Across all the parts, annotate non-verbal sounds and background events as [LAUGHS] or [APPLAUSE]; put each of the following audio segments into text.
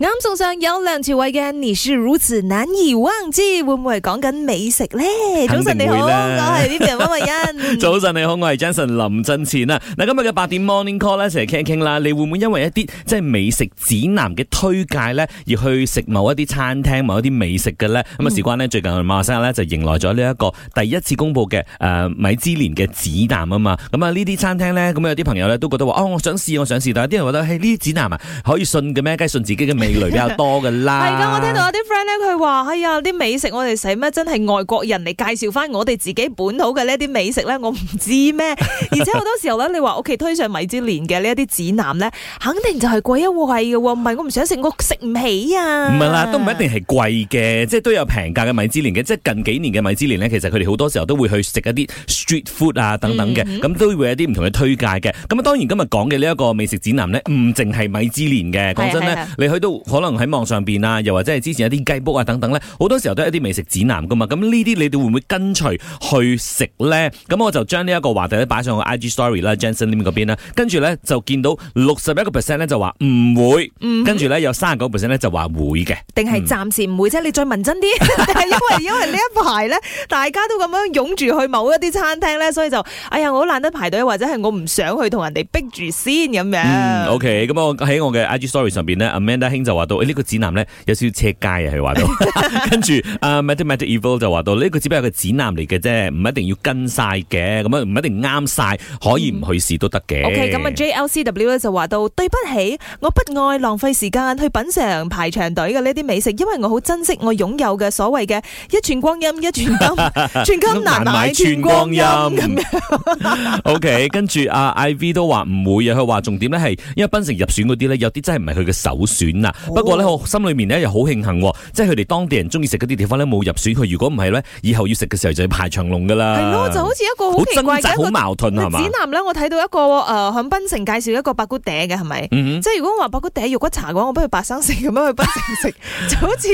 啱送上有梁朝偉嘅你是如此難以忘記，會唔會係講緊美食咧？早晨你， [LAUGHS] 你好，我係呢邊溫慧欣。早晨你好，我係 Jason 林振前啊。嗱，今日嘅八點 Morning Call 咧，成日傾一傾啦。你會唔會因為一啲即係美食指南嘅推介咧，而去食某一啲餐廳、某一啲美食嘅咧？咁啊，事關呢，嗯、最近馬華山咧就迎來咗呢一個第一次公布嘅誒、呃、米芝蓮嘅指南啊嘛。咁啊，呢啲餐廳咧，咁有啲朋友咧都覺得話，哦，我想試，我想試。但係有啲人覺得，嘿，呢啲指南啊，可以信嘅咩？梗係信自己嘅味類比較多嘅啦，係噶，我聽到有啲 friend 咧，佢話，哎呀，啲美食我哋使乜？真係外國人嚟介紹翻我哋自己本土嘅呢啲美食咧，我唔知咩？ [LAUGHS] 而且好多時候咧，你話屋企推上米芝蓮嘅呢一啲指南咧，肯定就係貴一位嘅喎。唔係我唔想食，我食唔起啊。唔係啦，都唔一定係貴嘅，即係都有平價嘅米芝蓮嘅。即係近幾年嘅米芝蓮咧，其實佢哋好多時候都會去食一啲 street food 啊等等嘅，咁、嗯嗯、都會有一啲唔同嘅推介嘅。咁啊，當然今日講嘅呢一個美食指南咧，唔淨係米芝蓮嘅。講真咧，是是是你去到。可能喺網上邊啊，又或者係之前一啲雞煲啊等等咧，好多時候都係一啲美食展覽噶嘛。咁呢啲你哋會唔會跟隨去食咧？咁我就將呢一個話題咧擺上個 I G Story 啦，Jensen 呢邊嗰邊啦，跟住咧就見到六十一個 percent 咧就話唔會，跟住咧有三十九 percent 咧就話會嘅。定係暫時唔會啫？嗯、你再問真啲，定係 [LAUGHS] 因為因為呢一排咧大家都咁樣湧住去某一啲餐廳咧，所以就哎呀，我好懶得排隊，或者係我唔想去同人哋逼住先咁樣。O K，咁我喺我嘅 I G Story 上邊咧，Amanda。就話到呢、欸這個指南咧有少少赤街啊，佢話到。 [LAUGHS] 跟住啊，Mad Mad Evil 就話到呢個只不過係個指南嚟嘅啫，唔一定要跟晒嘅，咁樣唔一定啱晒，可以唔去試都得嘅、嗯。OK，咁啊 JLCW 咧就話到，對不起，我不愛浪費時間去品嘗排長隊嘅呢啲美食，因為我好珍惜我擁有嘅所謂嘅一寸光陰一寸金，寸金難買寸 [LAUGHS] 光陰咁樣。 [LAUGHS] OK，跟住啊、uh,，IV 都話唔會啊，佢話重點咧係，因為檳城入選嗰啲咧，有啲真係唔係佢嘅首選哦、不過咧，我心裏面咧又好慶幸，即係佢哋當地人中意食嗰啲地方咧冇入選。佢如果唔係咧，以後要食嘅時候就要排長龍噶啦。係咯，就好似一個好奇怪，一個好矛盾係嘛？指南咧，我睇到一個誒喺檳城介紹一個白骨頂嘅係咪？即係、嗯、哼如果話白骨頂肉骨茶嘅話，我不如白生食咁樣去檳城食， [LAUGHS] 就好似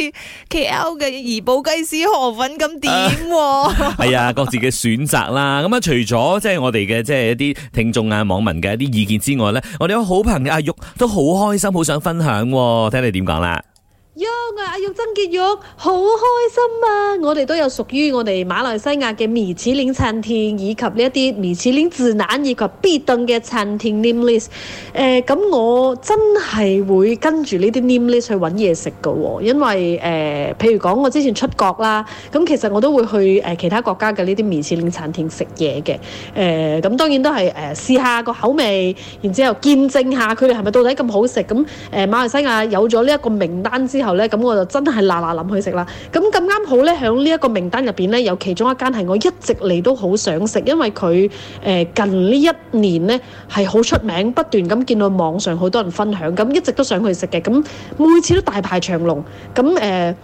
K L 嘅怡保雞絲河粉咁點？係啊、呃嗯，各自嘅選擇啦。咁啊，除咗即係我哋嘅即係一啲聽眾啊、網民嘅一啲意見之外咧，我哋好朋友的阿玉都好開心，好想分享。我聽你點講啦。阿玉曾傑玉好開心啊！我哋都有屬於我哋馬來西亞嘅米芝蓮餐廳，以及呢一啲米芝蓮指南以及必登嘅餐廳 name list。誒、呃，咁我真係會跟住呢啲 n name list 去揾嘢食噶，哦，因為誒、呃，譬如講我之前出國啦，咁其實我都會去誒、呃、其他國家嘅呢啲米芝蓮餐廳食嘢嘅。誒、呃，咁當然都係誒試下個口味，然之後見證下佢係咪到底咁好食。咁誒、呃，馬來西亞有咗呢一個名單之後呢。咁我就真係嗱嗱臨去食啦。咁咁啱好呢，喺呢一個名單入面呢，有其中一間係我一直嚟都好想食，因為佢、呃、近呢一年呢係好出名，不斷咁見到網上好多人分享，咁一直都想去食嘅。咁每次都大排長龍。咁誒、呃，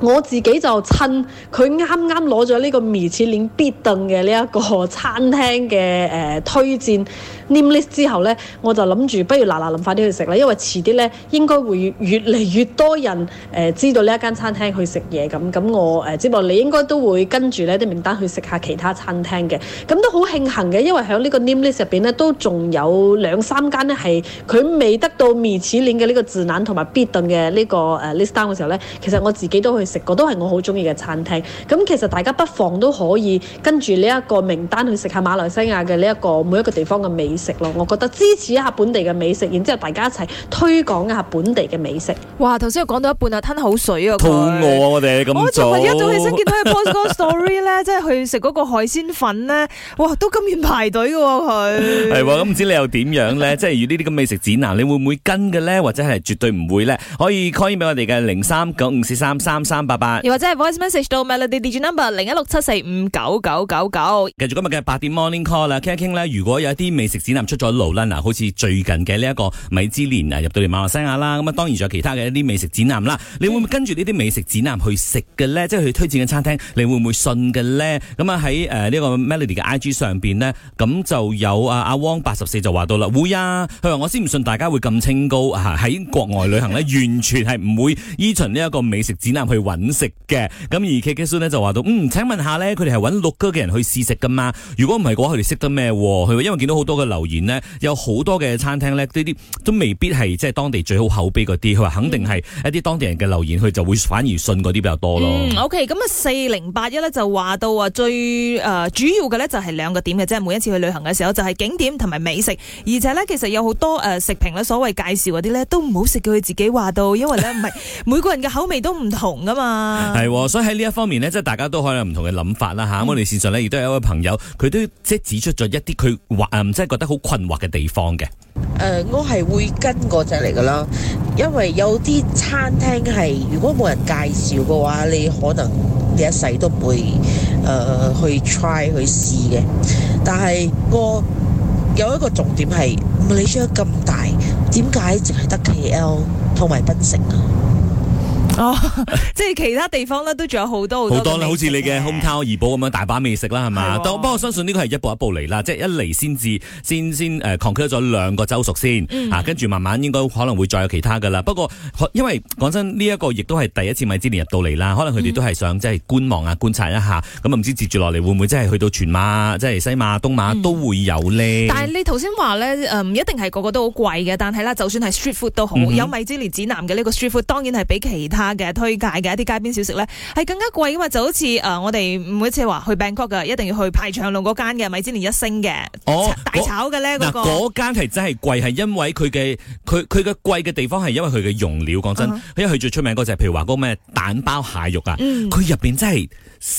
我自己就趁佢啱啱攞咗呢個「米芝蓮必登」嘅呢一個餐廳嘅、呃、推薦。Um、list 之後呢，我就諗住不如嗱嗱諗快啲去食啦，因為遲啲呢應該會越嚟越多人、呃、知道呢一間餐廳去食嘢咁。咁我誒接落嚟應該都會跟住呢啲名單去食下其他餐廳嘅。咁都好慶幸嘅，因為喺呢個 list 入面呢，都仲有兩三間呢係佢未得到米芝蓮嘅呢個字眼同埋必頓嘅呢個 list down 嘅時候呢。其實我自己都去食過，都係我好中意嘅餐廳。咁其實大家不妨都可以跟住呢一個名單去食下馬來西亞嘅呢一個每一個地方嘅美食。食咯，我覺得支持一下本地嘅美食，然之後大家一齊推廣一下本地嘅美食。哇！頭先講到一半啊，吞口水啊，肚餓，我哋咁早。我仲係一早起身見到佢 post 個 story 咧，即係去食嗰個海鮮粉咧，哇！都咁遠排隊嘅喎佢。係喎，咁唔知你又點樣咧？即係如呢啲咁美食展，嗱，你會唔會跟嘅咧？或者係絕對唔會咧？可以 call 俾我哋嘅零三九五四三三三八八，又或者係 voice message 到我哋嘅電話 number 零一六七四五九九九九。繼續今日嘅八點 morning call 啦，傾一傾咧，如果有啲美食展。展覽出咗路啦，嗱，好似最近嘅呢一個米芝蓮啊，入到嚟馬來西亞啦，咁啊當然仲有其他嘅一啲美食展覽啦。你會唔會跟住呢啲美食展覽去食嘅咧？即係佢推薦嘅餐廳，你會唔會信嘅咧？咁啊喺誒呢個 Melody 嘅 IG 上邊咧，咁就有啊阿汪八十四就話到啦，會啊，佢話我先唔信大家會咁清高嚇，喺國外旅行咧，完全係唔會依循呢一個美食展覽去揾食嘅。咁而 Kiksu 咧就話到，嗯，請問下咧，佢哋係揾六哥嘅人去試食噶嘛？如果唔係嘅話，佢哋識得咩？佢因為見到好多嘅。留言呢，有好多嘅餐廳呢，呢啲都未必係即係當地最好口碑嗰啲。佢話肯定係一啲當地人嘅留言，佢就會反而信嗰啲比較多咯。OK，咁啊，四零八一咧就話到啊，最、呃、主要嘅咧就係兩個點嘅，即係每一次去旅行嘅時候，就係景點同埋美食，而且呢，其實有好多、呃、食評咧，所謂介紹嗰啲咧都唔好食嘅。佢自己話到，因為咧唔係每個人嘅口味都唔同㗎嘛？係、哦，所以喺呢一方面呢，即係大家都可能有唔同嘅諗法啦吓、啊，我哋線上呢，亦都有一位朋友，佢都即係指出咗一啲佢話即好困惑嘅地方嘅，誒，我係會跟嗰隻嚟噶啦，因為有啲餐廳係如果冇人介紹嘅話，你可能你一世都唔會誒、呃、去 try 去試嘅。但係我有一個重點係，唔理想咁大，點解淨係得 KL 同埋檳城啊？ [LAUGHS] 哦、即係其他地方咧 [LAUGHS] 都仲有很多很多多好多好多好似你嘅 HomeTown 怡保咁耶 樣大把美食啦，係嘛？不過我相信呢個係一步一步嚟啦，即、就、係、是、一嚟先至先先誒擴闢咗兩個州屬先跟住、嗯啊、慢慢應該，應該可能會再有其他噶啦。不過因為講真，呢、這、一個亦都係第一次米芝蓮入到嚟啦，可能佢哋都係想、嗯、即係觀望啊，觀察一下。咁唔知接住落嚟會唔會即係去到全馬、即係西馬、東馬都會有呢。嗯、但係你頭先話咧唔一定係個個都好貴嘅，但係啦，就算係 Street Food 都好，嗯嗯有米芝蓮指南嘅呢個 Street Food 當然係比其他。嘅推介嘅一啲街邊小食咧，係更加貴噶嘛？就好似誒，我哋每次話去 Bangkok 嘅，一定要去排長龍嗰間嘅米芝蓮一星嘅大炒嘅，咧嗰個嗰間係真係貴，係因為佢嘅佢佢嘅貴嘅地方係因為佢嘅用料。講真，因為佢最出名嗰隻，譬如話嗰個咩蛋包蟹肉啊，佢入邊真係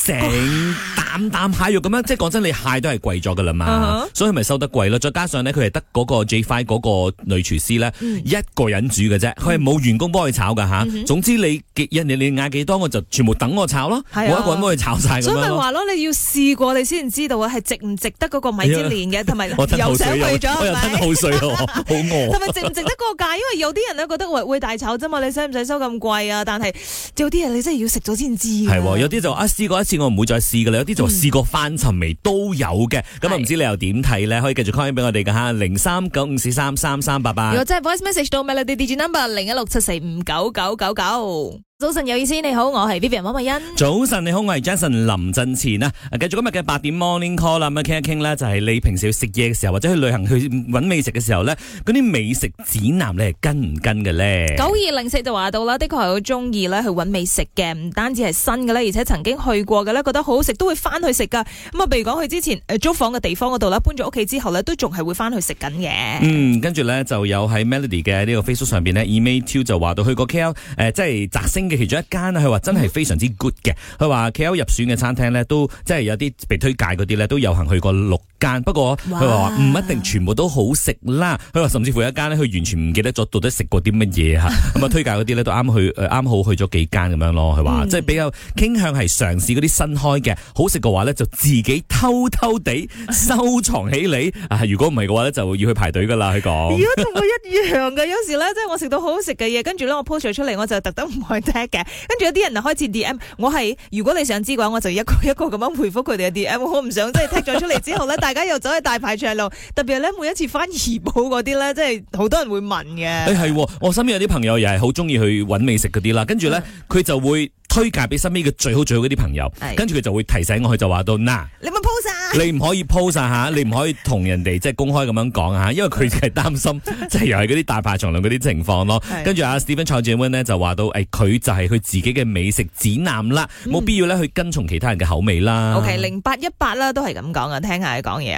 成啖啖蟹肉咁樣。即係講真，你蟹都係貴咗噶啦嘛，所以咪收得貴咯。再加上咧，佢係得嗰個 J Five 嗰個女廚師咧一個人煮嘅啫，佢係冇員工幫佢炒嘅吓。總之你。一你你嗌幾多我就全部等我炒咯，我一個人幫你炒晒，所以咪話咯，你要試過你先知道啊，係值唔值得嗰個米芝蓮嘅，同埋又想去咗係咪？好水，好餓。同埋值唔值得個價？因為有啲人咧覺得會大炒啫嘛，你使唔使收咁貴啊？但係有啲嘢，你真係要食咗先知。係，有啲就啊試過一次我唔會再試噶啦，有啲就試過翻尋味都有嘅。咁啊唔知你又點睇咧？可以繼續 call 俾我哋嘅吓，零三九五四三三三八八。如果真係 voice message 到 my lady digital number 零一六七四五九九九九。早晨有意思，你好，我係 Vivian 馬文欣。早晨你好，我係 Jason 林振前啊！繼續今日嘅八點 Morning Call 啦，咁啊傾一傾咧，就係、要、你平時食嘢嘅時候或者去旅行去揾美食嘅時候咧，嗰啲美食指南咧係跟唔跟嘅咧？九二零四就話到啦，的確係好中意咧去揾美食嘅，唔單止係新嘅咧，而且曾經去過嘅咧，覺得很好好食都會翻去食噶。咁啊，譬如講去之前誒租房嘅地方嗰度咧，搬咗屋企之後咧，都仲係會翻去食緊嘅。嗯，跟住咧就有喺 Melody 嘅呢個 Facebook 上邊呢 e May 超就話到去過 K L 誒、呃，即係摘星。其中一間佢話真係非常之 good 嘅。佢話 K.O. 入選嘅餐廳呢，都即係有啲被推介嗰啲呢，都有幸去過六間。不過佢話唔一定全部都好食啦。佢話哇甚至乎有一間呢，佢完全唔記得咗到底食過啲乜嘢吓。咁啊推介嗰啲呢，都啱去，啱好去咗幾間咁樣咯。佢話、嗯、即係比較傾向係嘗試嗰啲新開嘅，好食嘅話呢，就自己偷偷地收藏起嚟、 [LAUGHS] 啊。如果唔係嘅話呢，就要去排隊噶啦。佢講。如果同我一樣嘅， [LAUGHS] 有時呢，即係我食到好好食嘅嘢，跟住我 po 出嚟，我就特登唔去聽。嘅，跟住有啲人啊開始 D M，我係如果你想知嘅話，我就一個一個咁樣回覆佢哋嘅 D M 我。我唔想即係踢咗出嚟之後咧， [LAUGHS] 大家又走去大排長龍，特別係咧，每一次翻二保嗰啲咧，即係好多人會問嘅。誒係、哎，我身邊有啲朋友又係好中意去搵美食嗰啲啦，跟住咧佢就會。推介俾身邊嘅最好最好嗰啲朋友，跟住佢就會提醒我，佢就話到嗱，ah, 你唔、啊、可以 po、啊、 [LAUGHS] 你唔可以 po 你唔可以同人哋即係公開咁樣講嚇，因為佢就係擔心，即係又係嗰啲大排長龍嗰啲情況咯。跟住阿 Stephen 蔡 j i m 就話到，佢是、哎、就係佢自己嘅美食指南啦，冇、嗯、必要咧去跟從其他人嘅口味啦。O K 零八一八啦，都係咁講啊，聽下佢講嘢。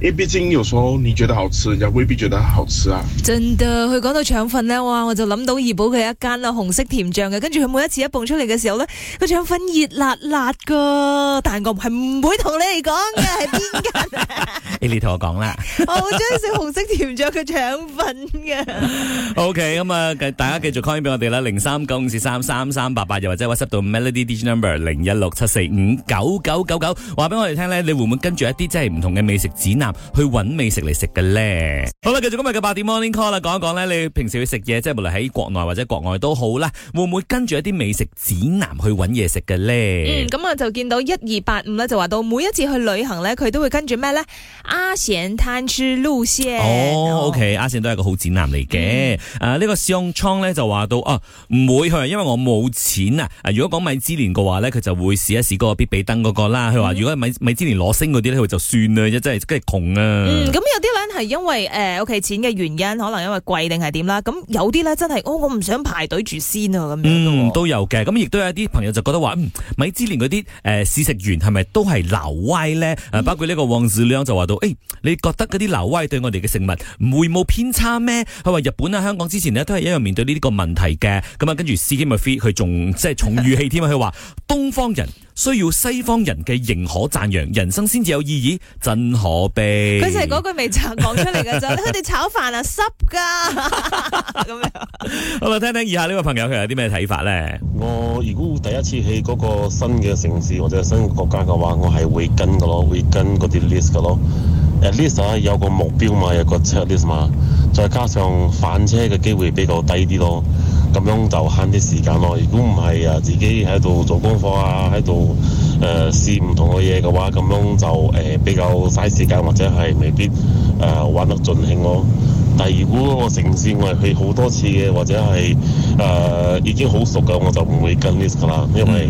誒，畢竟有時候你覺得好吃，人家未必覺得好吃啊！真噶，佢講到腸粉呢，哇，我就諗到怡寶嘅一間啦，紅色甜醬嘅，跟住佢每一次一蹦出嚟嘅時候呢，個腸粉熱辣辣噶，但我係唔會同你哋講嘅，係邊間 e l 同我講啦，我好中意食紅色甜醬嘅腸粉嘅。 [LAUGHS] OK，咁、嗯、啊，大家繼續 call 俾我哋啦，零三九五四三三三八八，又或者 WhatsApp 到 Melody digit number 零一六七四五九九九九，話俾我哋聽呢，你會唔會跟住一啲即係唔同嘅美食指南？去搵美食嚟食嘅咧，好啦、嗯，繼續今日嘅八點 morning call 啦，講一講咧，你平時去食嘢，即係無論喺國內或者國外都好啦，會唔會跟住一啲美食指南去搵嘢食嘅咧？咁啊就見到一二八五咧就話到每一次去旅行咧，佢都會跟住咩咧？阿善探珠路線哦、oh,，OK，阿善都係一個好指南嚟嘅。誒、嗯，呢個商用倉咧就話到啊，唔、這個啊、會去，因為我冇錢啊。如果講米芝蓮嘅話咧，佢就會試一試嗰個必比登嗰個啦。佢話如果米米芝蓮攞星嗰啲咧，佢就算啦，即真係跟住窮嗯，咁有啲人係因為誒屋企錢嘅原因，可能因為貴定係點啦。咁有啲咧真係，哦，我唔想排隊住先啊，咁樣。嗯，都有嘅。咁亦都有一啲朋友就覺得話、嗯，米芝蓮嗰啲誒試食員係咪都係流歪咧？誒，包括呢個黃志亮就話到，誒、嗯欸，你覺得嗰啲流歪對我哋嘅食物唔會冇偏差咩？佢話日本啊、香港之前呢，都係一樣面對呢啲個問題嘅。咁啊，跟住司機咪佢仲即係重語氣添。佢話東方人需要西方人嘅認可讚揚，人生先至有意義，真可悲。佢就係嗰句未就講出嚟嘅咋，佢哋炒飯啊濕噶咁樣。好啦，聽聽以下呢個朋友佢有啲咩睇法咧？我如果第一次去嗰個新嘅城市或者新嘅國家嘅話，我係會跟嘅咯，會跟嗰啲 list 嘅咯。誒，list 有個目標嘛，有個 checklist 嘛，再加上反車嘅機會比較低啲咯，咁樣就慳啲時間咯。如果唔係啊，自己喺度做功課啊，喺度。誒試唔同嘅嘢嘅話，咁樣就誒、呃、比較嘥時間，或者係未必誒、呃、玩得盡興咯。但係如果個城市我係去好多次嘅，或者係誒、呃、已經好熟嘅，我就唔會跟 list 噶啦，因為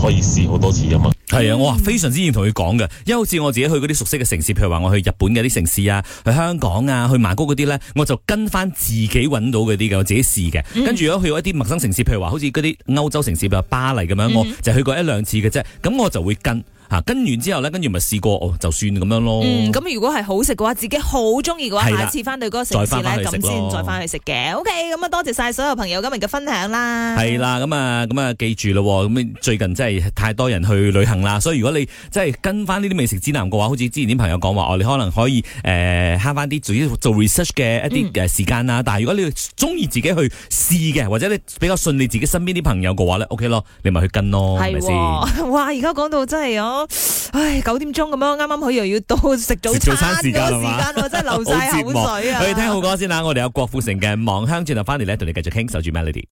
可以試好多次啊嘛。係啊，我非常之認同佢講嘅，因為好似我自己去嗰啲熟悉嘅城市，譬如話我去日本嘅啲城市啊，去香港啊，去曼谷嗰啲呢，我就跟翻自己搵到嗰啲嘅，我自己試嘅。跟住、嗯、如果去一啲陌生城市，譬如話好似嗰啲歐洲城市，譬如話巴黎咁樣，我就去過一兩次嘅啫，咁我就會跟。跟完之後咧，跟住咪試過哦，就算咁樣咯。嗯，咁如果係好食嘅話，自己好中意嘅話，的下次翻到嗰個城市咁先再翻去食嘅。O K，咁啊多謝晒所有朋友今日嘅分享啦。係啦，咁啊，咁啊，記住咯，咁最近真係太多人去旅行啦。所以如果你真係跟翻呢啲美食指南嘅話，好似之前啲朋友講話哦，你可能可以誒慳翻啲，做 research 嘅一啲時間啦。嗯、但係如果你中意自己去試嘅，或者你比較信你自己身邊啲朋友嘅話呢 O K 咯，你咪去跟咯，係咪先？哇吧，而家講到真係唉，九點鐘咁樣，啱啱，佢又要到食早餐時間，食早餐時間嗎我真係流晒 [LAUGHS] 磨口水啊！去聽好歌先啦，我哋有郭富城嘅《望鄉》，轉頭翻嚟咧，同你繼續傾，守住 Melody。